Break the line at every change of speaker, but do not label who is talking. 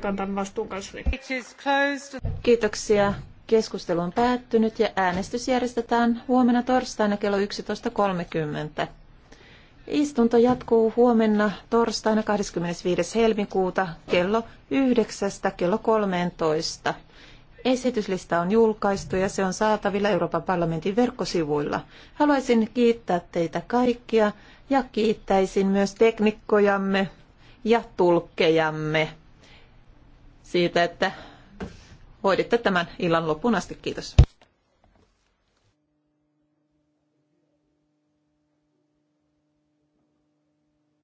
kantaa vastuun kanssa. Kiitoksia. Keskustelu on päättynyt ja äänestys järjestetään huomenna torstaina kello 11.30. Istunto jatkuu huomenna torstaina 25. helmikuuta kello 9. kello 13. Esityslista on julkaistu ja se on saatavilla Euroopan parlamentin verkkosivuilla. Haluaisin kiittää teitä kaikkia ja kiittäisin myös teknikkojamme ja tulkkejamme siitä, että hoiditte tämän illan loppuun asti. Kiitos.